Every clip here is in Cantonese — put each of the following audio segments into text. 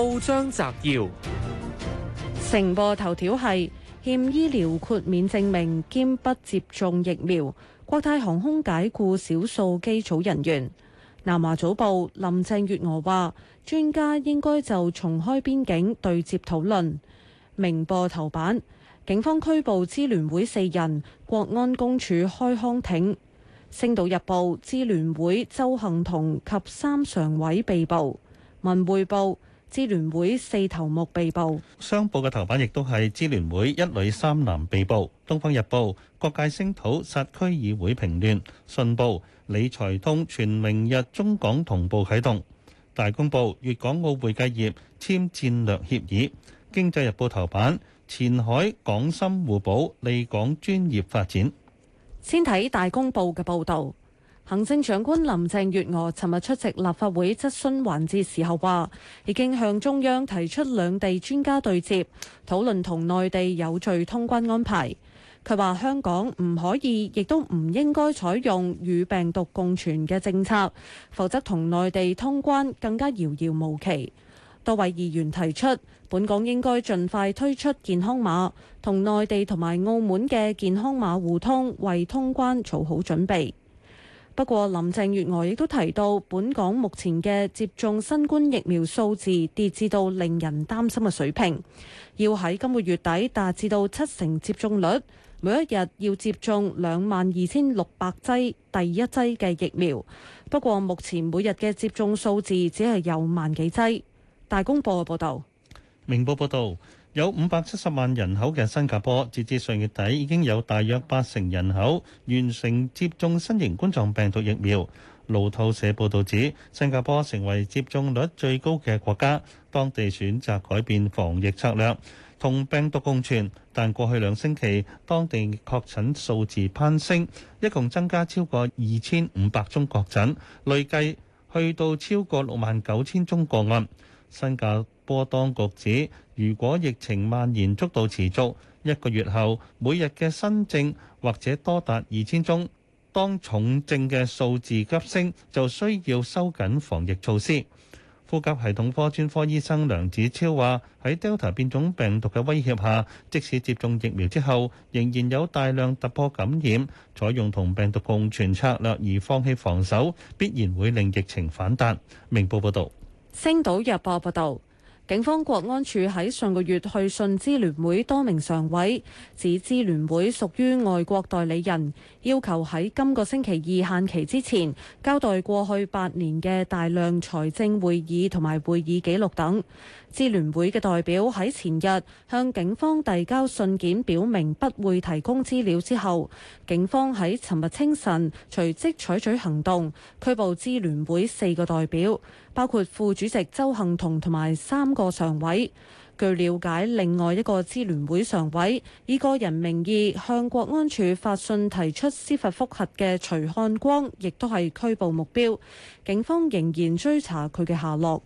報章摘要：《成報》頭條係欠醫療豁免證明兼不接種疫苗；國泰航空解雇少數機組人員。南華早報林鄭月娥話，專家應該就重開邊境對接討論。明報頭版警方拘捕支聯會四人，國安公署開康艇。星島日報支聯會鄒幸彤及三常委被捕。文匯報。支聯會四頭目被捕，商報嘅頭版亦都係支聯會一女三男被捕。東方日報、各界聲討殺區議會評論。信報、理財通全明日中港同步啟動。大公報、粵港澳會計業簽戰略協議。經濟日報頭版，前海港深互保利港專業發展。先睇大公報嘅報道。行政長官林鄭月娥尋日出席立法會質詢環節時候話，已經向中央提出兩地專家對接，討論同內地有序通關安排。佢話：香港唔可以，亦都唔應該採用與病毒共存嘅政策，否則同內地通關更加遙遙無期。多位議員提出，本港應該盡快推出健康碼，同內地同埋澳門嘅健康碼互通，為通關做好準備。不過，林鄭月娥亦都提到，本港目前嘅接種新冠疫苗數字跌至到令人擔心嘅水平，要喺今個月底達至到七成接種率，每一日要接種兩萬二千六百劑第一劑嘅疫苗。不過，目前每日嘅接種數字只係有萬幾劑。大公報嘅報道，明報報道。有五百七十萬人口嘅新加坡，截至上月底已經有大約八成人口完成接種新型冠狀病毒疫苗。路透社報導指，新加坡成為接種率最高嘅國家，當地選擇改變防疫策略，同病毒共存。但過去兩星期，當地確診數字攀升，一共增加超過二千五百宗確診，累計去到超過六萬九千宗個案。新加波當局指，如果疫情蔓延速度持續一個月後，每日嘅新症或者多達二千宗，當重症嘅數字急升，就需要收緊防疫措施。呼吸系統科專科醫生梁子超話：喺 Delta 變種病毒嘅威脅下，即使接種疫苗之後，仍然有大量突破感染。採用同病毒共存策略而放棄防守，必然會令疫情反彈。明報報道。星島日報報道。警方國安處喺上個月去信支聯會多名常委，指支聯會屬於外國代理人，要求喺今個星期二限期之前交代過去八年嘅大量財政會議同埋會議記錄等。支聯會嘅代表喺前日向警方遞交信件，表明不會提供資料之後，警方喺尋日清晨隨即採取行動，拘捕支聯會四個代表。包括副主席鄒幸彤同埋三個常委。據了解，另外一個支聯會常委以個人名義向國安處發信提出司法覆核嘅徐漢光，亦都係拘捕目標，警方仍然追查佢嘅下落。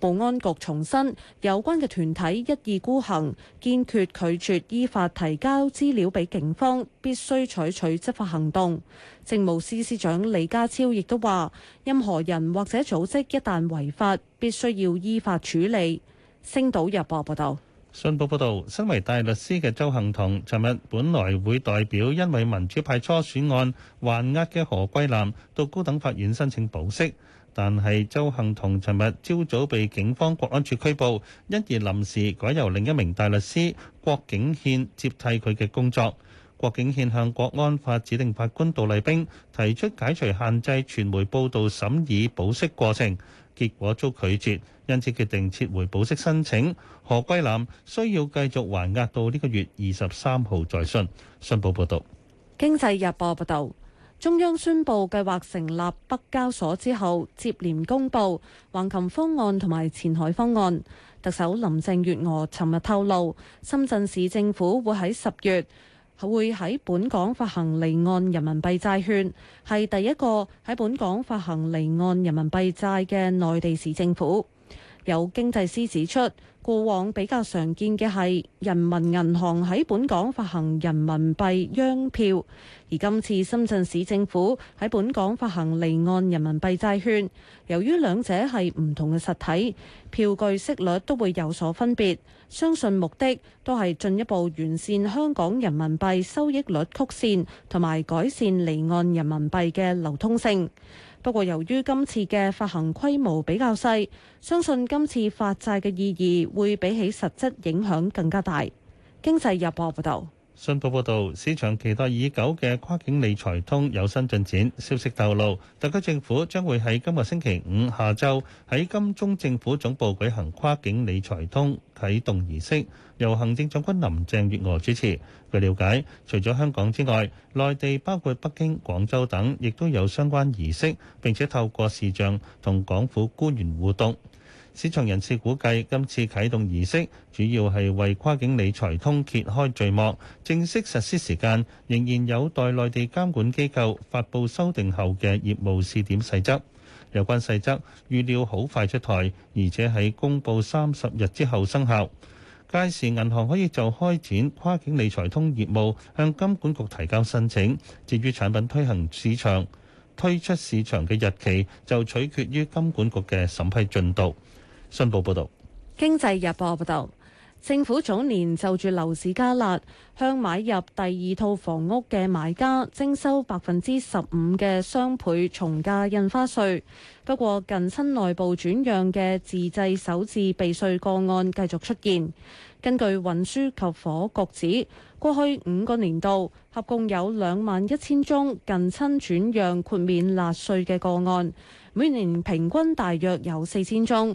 保安局重申，有關嘅團體一意孤行，堅決拒絕依法提交資料俾警方，必須採取執法行動。政務司司長李家超亦都話，任何人或者組織一旦違法，必須要依法處理。星島日報報道。信報報道，身為大律師嘅鄒幸彤，尋日本來會代表因為民主派初選案還押嘅何桂藍到高等法院申請保釋。但係，周幸同尋日朝早被警方國安處拘捕，因而臨時改由另一名大律師郭景憲接替佢嘅工作。郭景憲向國安法指定法官杜麗冰提出解除限制傳媒報導審議保釋過程，結果遭拒絕，因此決定撤回保釋申請。何桂藍需要繼續還押到呢個月二十三號再訊。信報報導，經濟日報報導。中央宣布計劃成立北交所之後，接連公布橫琴方案同埋前海方案。特首林鄭月娥尋日透露，深圳市政府會喺十月會喺本港發行離岸人民幣債券，係第一個喺本港發行離岸人民幣債嘅內地市政府。有經濟師指出，過往比較常見嘅係人民銀行喺本港發行人民幣央票，而今次深圳市政府喺本港發行離岸人民幣債券。由於兩者係唔同嘅實體，票據息率都會有所分別。相信目的都係進一步完善香港人民幣收益率曲線，同埋改善離岸人民幣嘅流通性。不過，由於今次嘅發行規模比較細，相信今次發債嘅意義會比起實質影響更加大。經濟日報報道。信報報導，市場期待已久嘅跨境理財通有新進展。消息透露，特區政府將會喺今日星期五下晝喺金鐘政府總部舉行跨境理財通啟動儀式，由行政長官林鄭月娥主持。據了解，除咗香港之外，內地包括北京、廣州等，亦都有相關儀式，並且透過視像同港府官員互動。市場人士估計，今次啟動儀式主要係為跨境理財通揭開序幕，正式實施時間仍然有待內地監管機構發布修訂後嘅業務試點細則。有關細則預料好快出台，而且喺公佈三十日之後生效。屆時銀行可以就開展跨境理財通業務向金管局提交申請。至於產品推行市場，推出市場嘅日期就取決於金管局嘅審批進度。新報報道，《經濟日報》報道，政府早年就住樓市加辣，向買入第二套房屋嘅買家徵收百分之十五嘅雙倍重價印花稅。不過，近親內部轉讓嘅自製首次避稅個案繼續出現。根據運輸及房屋局指，過去五個年度合共有兩萬一千宗近親轉讓豁免納稅嘅個案，每年平均大約有四千宗。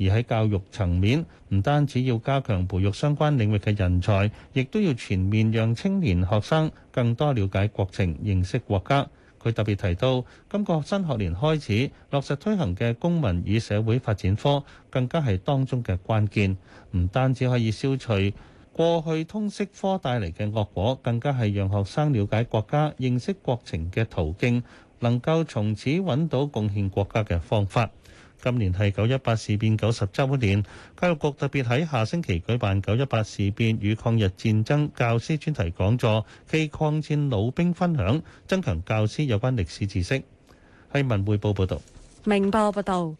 而喺教育層面，唔單止要加強培育相關領域嘅人才，亦都要全面讓青年學生更多了解國情、認識國家。佢特別提到，今個新學年開始落實推行嘅公民與社會發展科，更加係當中嘅關鍵，唔單止可以消除過去通識科帶嚟嘅惡果，更加係讓學生了解國家、認識國情嘅途徑，能夠從此揾到貢獻國家嘅方法。今年係九一八事變九十週年，教育局特別喺下星期舉辦九一八事變與抗日戰爭教師專題講座，暨抗戰老兵分享，增強教師有關歷史知識。係文匯報報導。明報報道。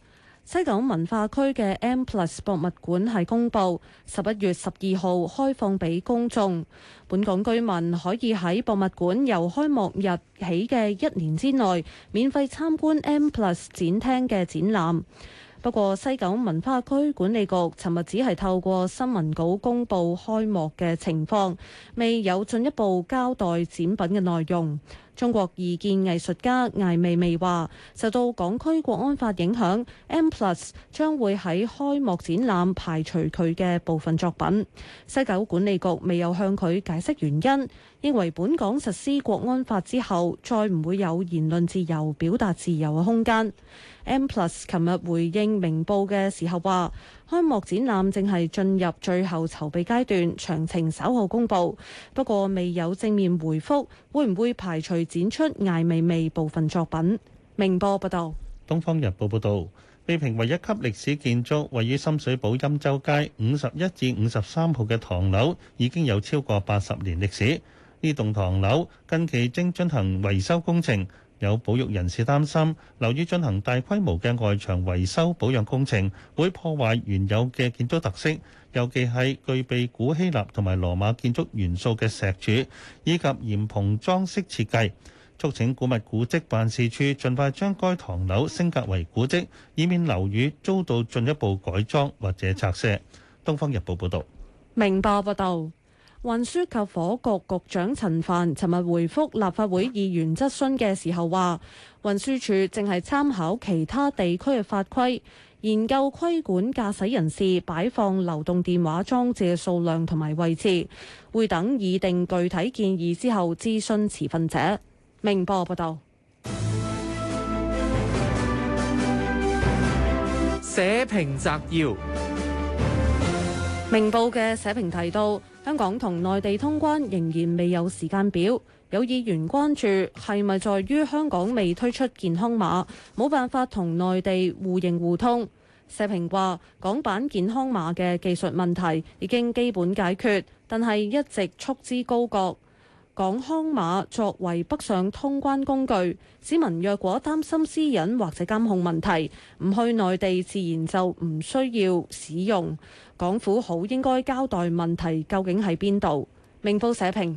西九文化區嘅 M+ 博物館係公布十一月十二號開放俾公眾，本港居民可以喺博物館由開幕日起嘅一年之內免費參觀 M+ 展廳嘅展覽。不過，西九文化區管理局尋日只係透過新聞稿公布開幕嘅情況，未有進一步交代展品嘅內容。中國異見藝術家艾未未話，受到港區國安法影響，M+ 將會喺開幕展覽排除佢嘅部分作品。西九管理局未有向佢解釋原因，認為本港實施國安法之後，再唔會有言論自由、表達自由嘅空間。M+ 琴日回應明報嘅時候話，開幕展覽正係進入最後籌備階段，詳情稍後公佈。不過未有正面回覆，會唔會排除展出艾未未部分作品。明報報道：《東方日報》報道，被評為一級歷史建築，位於深水埗欽州街五十一至五十三號嘅唐樓，已經有超過八十年歷史。呢棟唐樓近期正進行維修工程。有保育人士擔心，樓宇進行大規模嘅外牆維修保養工程，會破壞原有嘅建築特色，尤其係具備古希臘同埋羅馬建築元素嘅石柱以及簷篷裝飾設計。促請古物古蹟辦事處盡快將該唐樓升格為古蹟，以免樓宇遭到進一步改裝或者拆卸。《東方日報》報道：「明報報道。運輸及火局局長陳帆尋日回復立法會議員質詢嘅時候話，運輸署正係參考其他地區嘅法規，研究規管駕駛人士擺放流動電話裝置嘅數量同埋位置，會等擬定具體建議之後諮詢持份者。明報報道，社評摘要，明報嘅社評提到。香港同內地通關仍然未有時間表，有議員關注係咪在於香港未推出健康碼，冇辦法同內地互認互通。社評話，港版健康碼嘅技術問題已經基本解決，但係一直束之高閣。港康碼作為北上通關工具，市民若果擔心私隱或者監控問題，唔去內地自然就唔需要使用。港府好應該交代問題究竟喺邊度。明報社評。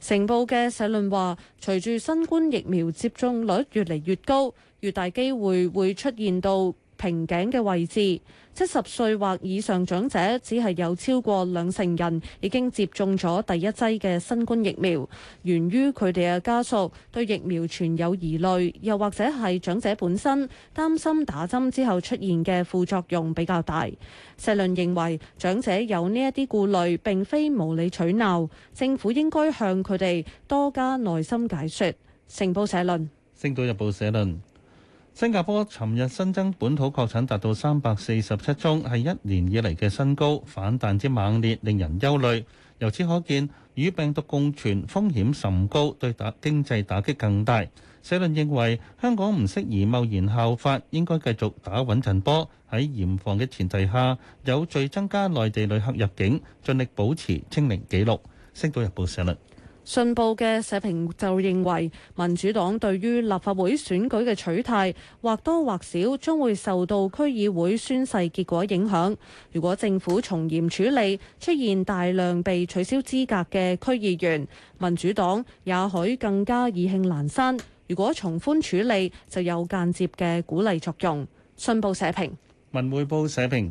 成報嘅社論話，隨住新冠疫苗接種率越嚟越高，越大機會會出現到瓶頸嘅位置，七十歲或以上長者只係有超過兩成人已經接種咗第一劑嘅新冠疫苗，源於佢哋嘅家屬對疫苗存有疑慮，又或者係長者本身擔心打針之後出現嘅副作用比較大。社論認為長者有呢一啲顧慮並非無理取鬧，政府應該向佢哋多加耐心解説。成報社論，星島日報社論。新加坡尋日新增本土確診達到三百四十七宗，係一年以嚟嘅新高，反彈之猛烈令人憂慮。由此可見，與病毒共存風險甚高，對打經濟打擊更大。社論認為香港唔適宜貿然效法，應該繼續打穩陣波，喺嚴防嘅前提下，有序增加內地旅客入境，盡力保持清零記錄。星島日報社論。信報嘅社評就認為，民主黨對於立法會選舉嘅取態，或多或少將會受到區議會宣誓結果影響。如果政府從嚴處理，出現大量被取消資格嘅區議員，民主黨也許更加意興闌珊；如果從寬處理，就有間接嘅鼓勵作用。信報社評，文匯報社評。